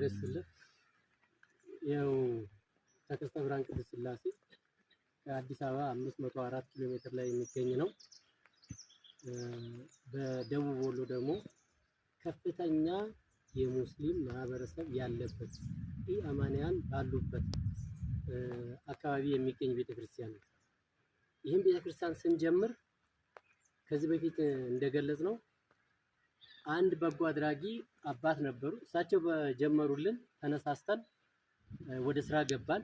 ደስልህ ተክስተ ብርሃን ቅዱስ ስላሴ ከአዲስ አበባ 504 ኪሎ ሜትር ላይ የሚገኝ ነው። በደቡብ ወሎ ደግሞ ከፍተኛ የሙስሊም ማህበረሰብ ያለበት ኢ አማንያን ባሉበት አካባቢ የሚገኝ ቤተክርስቲያን ነው። ይህም ቤተክርስቲያን ስንጀምር ከዚህ በፊት እንደገለጽ ነው አንድ በጎ አድራጊ አባት ነበሩ። እሳቸው በጀመሩልን ተነሳስተን ወደ ስራ ገባን።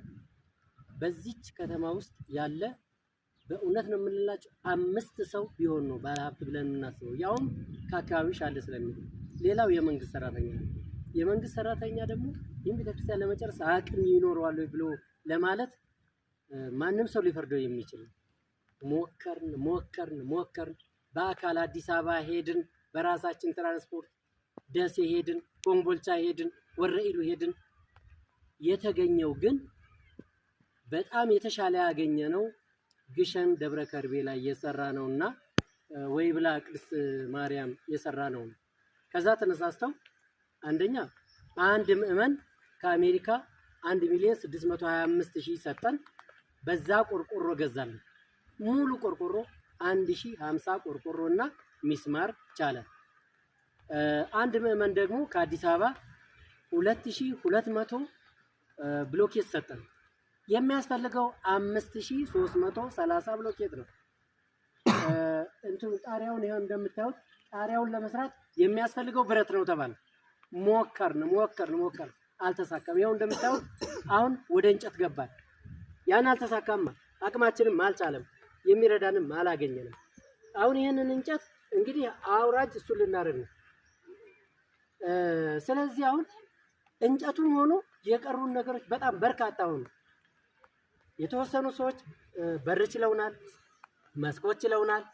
በዚች ከተማ ውስጥ ያለ በእውነት ነው የምንላቸው አምስት ሰው ቢሆን ነው ባለሀብት ብለን የምናስበው፣ ያውም ከአካባቢ ሻለ ስለሚል። ሌላው የመንግስት ሰራተኛ ነው። የመንግስት ሰራተኛ ደግሞ ይህን ቤተክርስቲያን ለመጨረስ አቅም ይኖረዋል ብሎ ለማለት ማንም ሰው ሊፈርደው የሚችል ሞከርን ሞከርን ሞከርን። በአካል አዲስ አበባ ሄድን። በራሳችን ትራንስፖርት ደሴ ሄድን፣ ኮምቦልቻ ሄድን፣ ወረኢሉ ሄድን። የተገኘው ግን በጣም የተሻለ ያገኘ ነው ግሸን ደብረ ከርቤ ላይ የሰራ ነውና ወይ ብላ ቅድስት ማርያም የሰራ ነው። ከዛ ተነሳስተው አንደኛ አንድ ምዕመን ከአሜሪካ 1 ሚሊዮን 625 ሺህ ሰጠን። በዛ ቆርቆሮ ገዛልን ሙሉ ቆርቆሮ አንድ ሺህ ሀምሳ ቆርቆሮና ሚስማር ቻለ። አንድ ምዕመን ደግሞ ከአዲስ አበባ ሁለት ሺ ሁለት መቶ ብሎኬት ሰጠን። የሚያስፈልገው አምስት ሺህ ሶስት መቶ ሰላሳ ብሎኬት ነው። እንትኑ ጣሪያውን ይኸው እንደምታዩት ጣሪያውን ለመስራት የሚያስፈልገው ብረት ነው ተባለ። ሞከርን ሞከርን ሞከርን አልተሳካም። ይኸው እንደምታዩት አሁን ወደ እንጨት ገባል። ያን አልተሳካም፣ አቅማችንም አልቻለም። የሚረዳንም አላገኘንም። አሁን ይህንን እንጨት እንግዲህ አውራጅ እሱን ልናደርግ ነው። ስለዚህ አሁን እንጨቱም ሆኖ የቀሩን ነገሮች በጣም በርካታ ሆኑ። የተወሰኑ ሰዎች በር ችለውናል፣ መስኮት ችለውናል።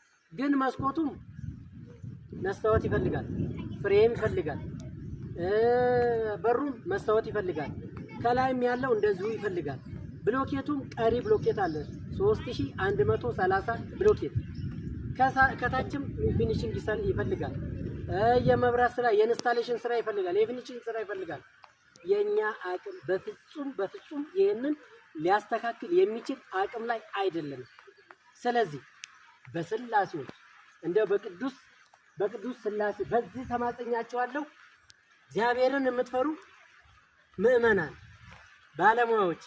ግን መስኮቱም መስታወት ይፈልጋል፣ ፍሬም ይፈልጋል። በሩም መስታወት ይፈልጋል። ከላይም ያለው እንደዚሁ ይፈልጋል። ብሎኬቱም ቀሪ ብሎኬት አለ 3130 ብሎኬት ከታችም ፊኒሽንግ ይፈልጋል። የመብራት ስራ፣ የኢንስታሌሽን ስራ ይፈልጋል። የፊኒሽንግ ስራ ይፈልጋል። የኛ አቅም በፍጹም በፍጹም ይህንን ሊያስተካክል የሚችል አቅም ላይ አይደለም። ስለዚህ በስላሴዎች እንደው በቅዱስ በቅዱስ ስላሴ በዚህ ተማጸኛቸዋለሁ። እግዚአብሔርን የምትፈሩ ምእመናን ባለሙያዎች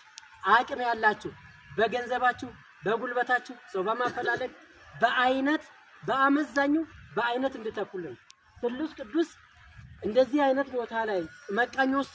አቅም ያላችሁ በገንዘባችሁ፣ በጉልበታችሁ ሰው በማፈላለግ በአይነት በአመዛኙ በአይነት እንድተኩልን ቅዱስ ቅዱስ እንደዚህ አይነት ቦታ ላይ መቃኞ